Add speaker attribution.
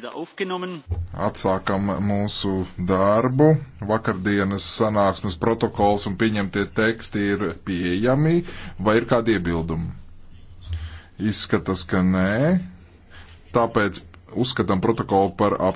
Speaker 1: Atsākam
Speaker 2: mūsu darbu. Vakardienas sanāksmes protokols un pieņemtie teksti ir pieejami. Vai ir kādi iebildumi? Izskatās, ka nē. Tāpēc uzskatām
Speaker 3: protokolu par apstiprinātu.